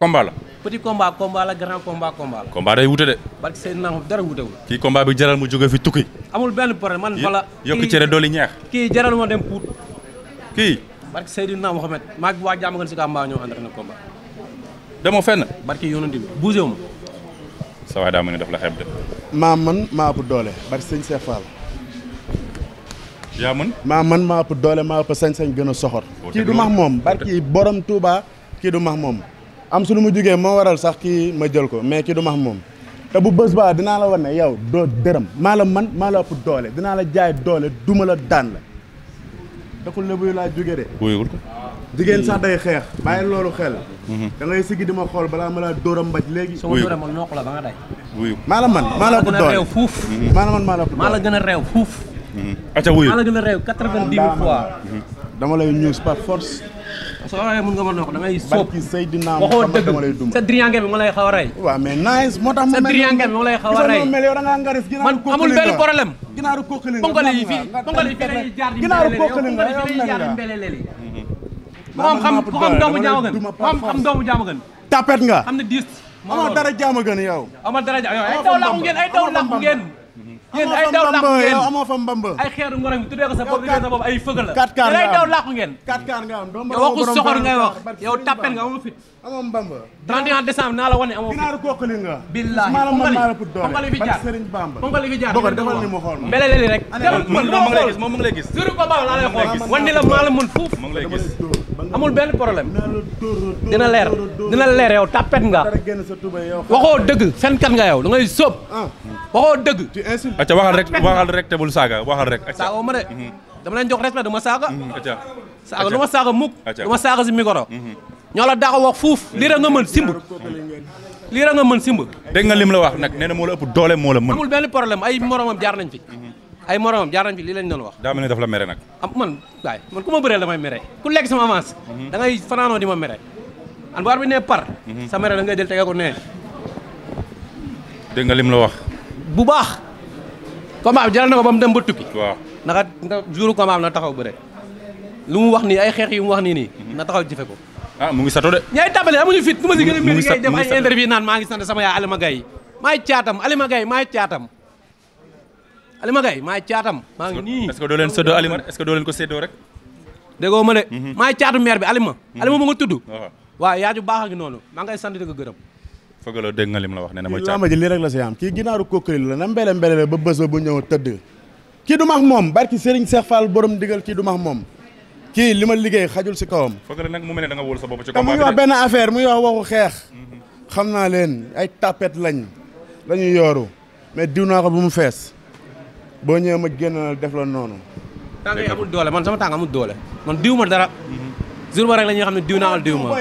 combat la. petit combat combat la grand combat combat la. kii jaral mu fi tukki. amul benn problème man fa la. yokk cere dooli ñeex. kii jaral ma dem Pout. kii. barke Seydina Mohamed maa ngi waa jàmm gën si Kamba ñoo ànd ma. maa man maa doole barke sëñ Cheikh Fall. yaa mën. maa sañ-sañ gën a soxor. kii du max moom barke borom Touba kii du max moom. am su lu mu jugee moo waral sax kii ma jël ko mais ki du max moom te bu bës baa dinaa la wan ne yow doo dërëm maa la man maa la ëpp doole dinaa la jaay doole duma la daan la dakul la buy laa jóge de jigéen sax mm. day xeex bàyyi mm. loolu xel mm-hmm. da ngay sigi di ma xool balaa ma laa dóoram mbaj léegi su ma dóoram ma noq maa la man maa la ëpp doole fuuf maa la man maa la ëpp doole gën a reew fuuf mm-hmm. aca wuyu maa la gën a reew quatre-vingt-dix mm-hmm. dama lay ñuus par force parce que waaye mën nga ma sa driange bi ma lay xaw a rey waaw mais nice moo tax sa driange bi ma lay a da ngaa ngaris man amul benn problème ginaaru kokkali ponkali yi jaar di mbele leli ku xam xam doomu jaama gën ku xam xam doomu jaama gën tapet nga am na diis amoo dara jaama gën yow amoo dara jaama ay daw làqu ngeen ay daw ay daw ngoro mi tuddee ko sa bopp ay fëgal la ay daw làqu ngeen waxu soxor ngay wax yow tàppel nga amoo ma xool mbele leli rek man moom mën lay gis amul benn problème dina leer dina leer yow tàppet nga waxoo dëgg fenkat nga yow da ngay waxoo dëgg. ci insulte waxal rek waxal rek te bul saaga waxal rek. acca saaga ma de. Mhm. dama leen jox respect du ma saaga. Mhm, acca saaga du ma saaga mukk. acca du ma saaga si micro. Mhm. ñoo la daax wax fuuf lii rek nga mën simb. lii rek nga mën simb. dégg nga lim la wax nag nee na moo la ëpp doole moo la mën. amul benn problème ay moromam jaar nañ fi. ay moromam jaar nañ lii lañ doon wax. daa mel ni daf la mere nag. am man waaye man ku ma bëreel damay mere ku lekk sama avance. da ngay fanaanoo di ma mere. an bu ar bi ne par. sa mere da ngay jël tege ko nee. dégg nga lim la wax. bu baax. combat bi jaral na ko ba mu dem ba tukki. waaw naka jour combat bi na taxaw rek lu mu wax nii ay xeex yu mu wax nii nii. na taxaw jëfe ko. ah mu ngi sato de. ñaay tabale amuñu fit nu ma si gën a mel ngay def ay naan maa ngi sant sama yaay Alima Gaye maay caatam Alima Gaye maay caatam. Alima Gaye maay caatam. maa ngi nii est-ce que leen séddoo Alima est-ce que doo leen ko séddoo rek. déggoo ma de. Mhm. maay caatu maire bi Alima. Mhm. Alima mu nga tudd. waaw yaaju baax a noonu maa ngay sant di ko gërëm fëgaloo dégg nga lim la wax ne na mooy làmb ji lii rek la si am kii ginaaru kokkali la na mbele mbele ba bës ba bu ñëw tëdd kii du moom barki Serigne Cheikh Fall borom digal kii du moom kii li ma liggéey xajul si kawam fëgale nag mu mel ne da nga wóolu sa bopp ci combat bi muy wax benn affaire muy wax waxu xeex mhm. xam naa leen ay tapet lañ lañuy yooru mais diw naa ko bu mu fees boo ñëwee ma génn def la noonu tànk yi doole man sama tàng amul doole man diw ma dara mhm. jour ba rek la ñuy xam ne diw naa wala diw ma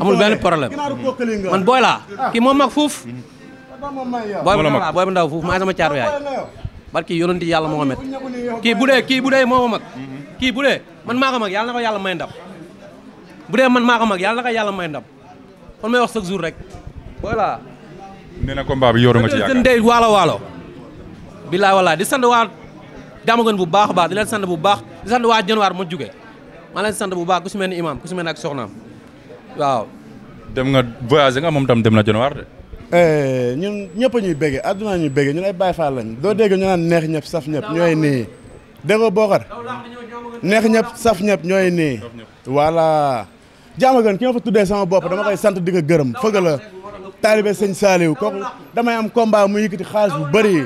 amul benn problème man booy laa kii moom mag fuuf booy bu ndaw booy bu ndaw fuuf maa sama caatu yaay barki yonent yàlla Muhammad kii bu dee kii bu dee moo ma mag kii bu dee man maa ko mag yàlla na ko yàlla may ndam bu dee man maa ko mag yàlla na ko yàlla may ndam kon may wax chaque jour rek booy laa nee na combat bi yoru nga ci yaakaar day waalo waalo bilaay walaay di sant waa Diamaguène bu baax a baax di leen bu baax di sant waa Dionewar ma jugee maa leen sant bu baax ku si mel ni imaam ku si ak soxnaam waaw. dem nga voyagé nga moom tam dem na Dionewar de. Eh, ñun ñëpp ñuy béggee adduna ñuy béggee ñun ay Baay Faal lañ doo dégg ñu naan neex ñëpp saf ñëpp ñooy nii dégg nga boo xar neex ñëpp saf ñëpp ñooy nii voilà jaama gën ki ma fa tuddee sama bopp dama koy sant di ko gërëm fëgg la taalibe sëñ Saaliw kooku damay am combat mu yëkkati xaalis bu bëri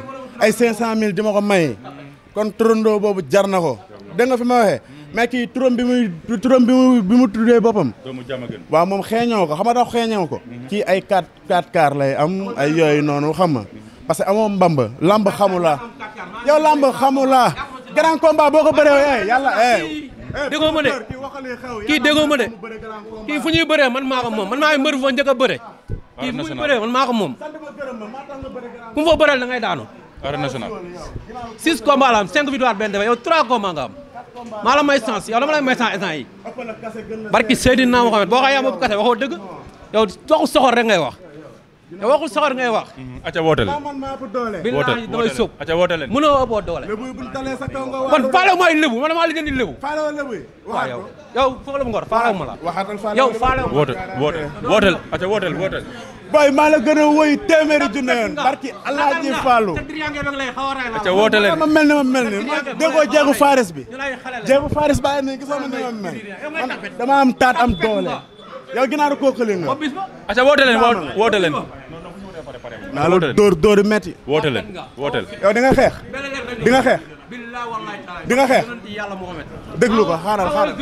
ay cinq cent mille di ko may kon turandoo boobu jar na ko mais kii turam bi muy turam bi mu bi mu tuddee boppam. doomu jàmm waaw moom xeeñoo ko xam nga dafa xeeñoo ko. ci mhm. ay 4 4 kaar lay am ay yooyu noonu xam nga parce que amoo mbamba lamb xamulaa yow lamb xamulaa grand baa boo ko bëree eh, eh. yàlla déggoo ma de kii déggoo ma de kii fu ñuy bëree man maa ko moom man maa ngi mbër foo njëkk a bëre kii fu bëree man maa ko moom ku mu fa bëreel ngay daanu arène nationale six combats la am cinq victoire benn défaite yow trois combats nga am maa la may sens yow dama lay may sens instant yi barki Seydina Mohamed boo xoolee amul kase waxoo dëgg yow waxu soxor rek ngay wax. te waxul soxor ngay wax. Mm-hmm. acca woote leen man maa ëpp doole. doole. lébu sa kaw nga war kon faalaw mooy lébu man maa lijjanti lébu. faalaw lébu yi waaw yow yow faalaw ngor faalaw ma la. waxatal faalaw yow faalaw. woote woote wooteel acca wooteel wooteel. boy maa a woy téeméeri junne yoon barki alaaji Fallou acca woote leen ma mel ni ma mel ni déggoo jeegu Faris bi jeegu Faris bàyyi nañu gisoo ma ni ma mel dama am taat am doole yow ginnaaru kooku nga. acca woote leen woote leen. naa la dóor dóor metti. woote leen woote leen. yow di nga xeex di nga xeex. di nga xeex. déglu ko xaaral xaaral.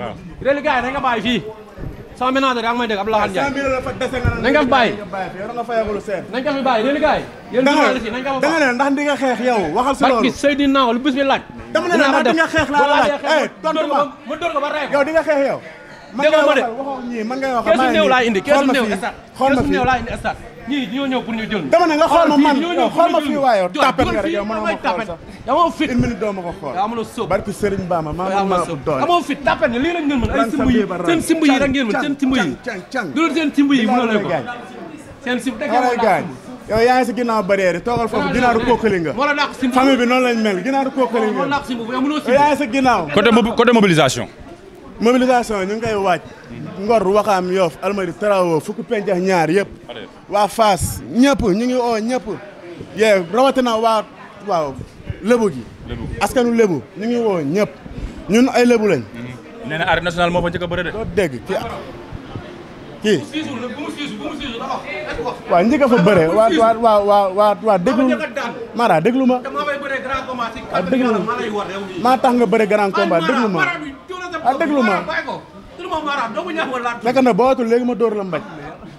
waaw. léegi gars yi dañ nga bàyyi fii. sama ménage yaa ngi may dégg Abdoulaye Ndiaye. nañ ko fi bàyyi. nañ ko fi bàyyi léegi gars yi. yéen journaliste yi da nga ne ndax di nga xeex yaw waxal si loolu. Seydina wala bis bi laaj. dama ne ndax di nga xeex laa laaj. eh tontu ma ma dóor ko ba rey yow di nga xeex yow. déggoo ma de man ngay wax keesu néew laa indi keesu néew stade keesu néew laa indi stade ñii ñoo ñëw pour ñu jël dama ne nga xool ma man xool ma fii waaye tapet nga rek yow man ma xool sax amoo fit une minute doo ma ko xool yaa amuloo sóob barki Serigne Bamba maa ma doole amoo fit tapet nga lii rek ngeen mën ay simb yi seen simb yi rek ngeen mën seen simb yi dul seen simb yi mënoo leen ko seen simb dëgg la gaañ yow yaa ngi si ginnaaw barrière yi toogal foofu ginaaru kookali nga famille bi noonu lañ mel ginaaru kookali nga yow yaa ngi si ginnaaw côté mobilisation mobilisation ñu ngi koy waaj Ngor Waxaam Yoff Almadi Tarawo fukki penc ñaar yëpp waa Fass ñëpp ñu ngi oo ñëpp yee rawatina waa waaw lébu gi askanu lébu ñu ngi woo ñëpp ñun ay lébu lañ nee dégg kii kii njëkk fa bëre waa waa waa waa waa déglu Mara déglu ma maa tax nga bëre grand combat déglu ma ah déglu ma fekk na léegi ma door la mbaj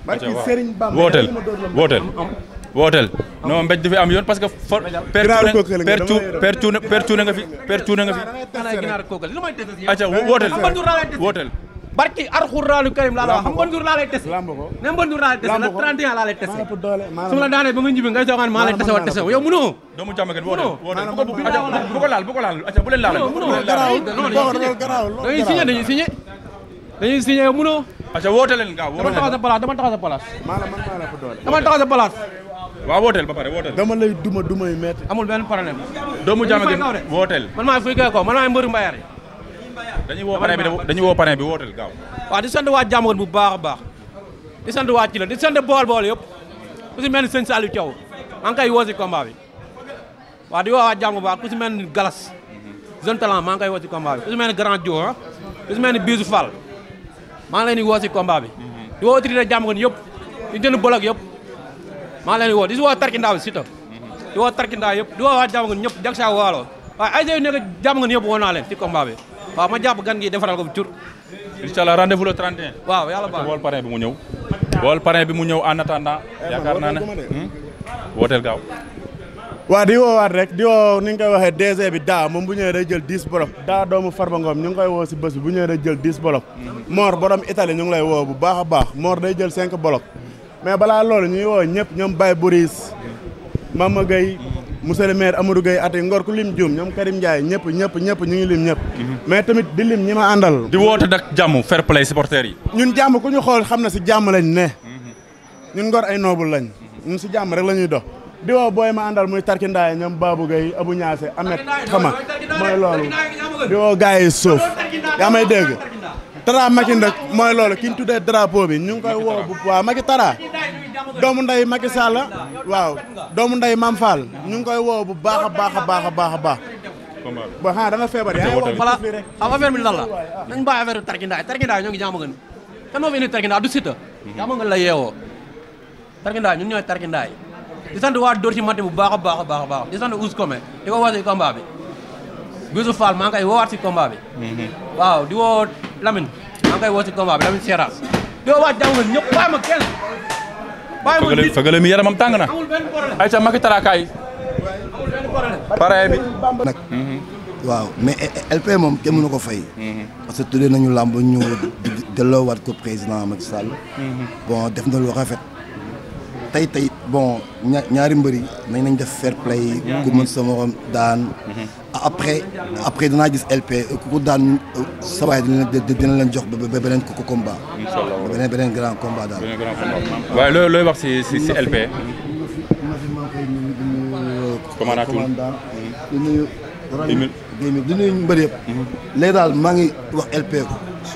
barki Serigne Bamba wooteel wooteel wooteel non mbéj du fi am yoon parce que for pertu pertu na nga fi pertu na nga fi acca wooteel wooteel barki alxuraanu karim laa la wax xam Mbëndour laa lay tese ne Mbëndour laa lay tese la 31 laa lay tese su ma la ba nga ñibbi ngay soogaan tese wa tese yow mënoo doomu jàmmagen woo bu ko laal bu ko laal acca bu leen laal dañuy signé dañuy signé dañuy signé yow mënoo acca woote leen gaaw dama taxaw sa place dama ba pare dañuy woo parrain bi dañuy woo parrain bi wooteel gaaw. waaw di sant waa Diamaguène bu baax a baax di sant waa Thiel di sant bool-bool yëpp ku si mel ni sëñ Saliou Thiaw maa ngi koy woo si combat bi waaw di woo waa Diamaguène bu baax ku si mel ni Galas jeune talent maa ngi koy woo si combat bi ku si mel ni Grand Dior ah. ku si mel ni Bisou maa ngi leen di woo si combat bi. di woo autorité Diamaguène yëpp di jënd bolok yëpp maa ngi leen di woo di si woo Tarkindaa bi Siteu di woo Tarkindaa ñëpp jag saa waaloo waaye ay sa yu waaw ma jàpp gan gi defaral ko bu tur. incha allah rendez vous le 31. waaw yàlla baax wool parrain bi mu ñëw. wool parrain bi mu ñëw en attendant. Eh, yaakaar naa ne hmm? wooteel gaaw. waaw di woowaat rek di woo ni nga koy waxee DG bi daa moom bu ñëwee day jël 10 bolok daa doomu Farba Ngom ñu ngi koy woo si bés bi bu ñëwee day jël 10 bolok. Hmm. Mor borom Italie ñu ngi lay woo bu baax a baax Mor day jël 5 bolok. mais balaa loolu ñuy woo ñëpp ñoom Baye Boris Mama Gueye monsieur le maire Amadou Gueye ngor ku lim Dioum ñoom Karim Ndiaye ñëpp ñëpp ñëpp ñu ngi lim mhm. tamit di lim ñi ma àndal di woote nag jàmm fair play supporters yi ñun jàmm ku ñu xool xam na si jàmm lañ ne mhm. ñun ngor ay noobul lañ ñun si jàmm rek la ñuy dox di woo booy ma àndal muy tarkindaay ñoom Babou Gueye Abou Niasse Amet xama mooy loolu di woo gars yi suuf yaa may dégg tara Macky nag mooy loolu ki ñu tuddee drapeau bi ñu ngi koy woo bu waa Macky tara doomu nday Macky Sall waaw doomu nday Mame Fall ñu ngi koy woo bu baax a baax a baax a baax a baax. ba ah, xanaa da nga feebar yaa ngi voilà am affaire bi lan la nañ bàyyi affaire tarkindaay tarkindaay ñoo ngi jaama gën kan moo fi indi tarkindaay du sita jaama gën la yeewoo tarkindaay ñun ñooy tarkindaay di sant waa dóor ci matin bu baax a baax a baax a baax di sant Ouz Komé di ko woo si combat bi Bisu Fall maa ngi koy woowaat si combat bi waaw di woo Lamine maa ngi koy woo si combat bi Lamine Seras di woo waa jaama gën ñëpp bàyyi ma kenn fëgale fëgale mi yaramam tàng na. ayca Macky Tarakaay. pare bi. nag. waaw mais LP moom kenn mënu ko fay. parce que tuddee nañu làmb ñu delloowaat ko président Macky Sall. bon def na lu rafet. tey tey bon ñaari mbër yi nañ nañ def fair play. ku mën sa morom daan. Mm-hmm. après après danaa gis LP euh, ku ko daan euh, sawaay dina leen jox ba beneen ko combat. incha allah beneen beneen grand combat daal. waaye looy wax si si si LP. commandant mbër yëpp. Mhm. léegi daal maa ngi wax LP ko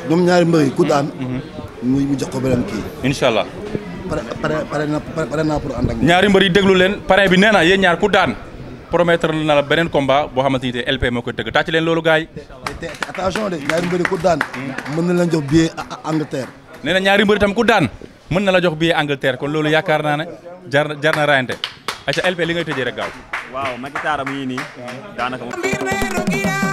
ñoom ñaari mbër yi ku daan. Mhm. mu jox ko beneen kii. incha allah. pare pare pare naa pour ànd ak ñaari mbër yi déglu leen pare bi nee na ñaar ku daan. promettre na la beneen combat boo xamante ni te LP moo koy tëgg tàcc leen loolu gars yi. te attention de ñaari mbëri ku daan. mën na la jox billet Angleterre. nee na ñaari mbëri tam ku daan mën na la jox billet Angleterre kon loolu yaakaar naa ne jar na jar na raayante acca LP li ngay tëjee rek gaaw. waaw Maguette Aram yii nii daanaka.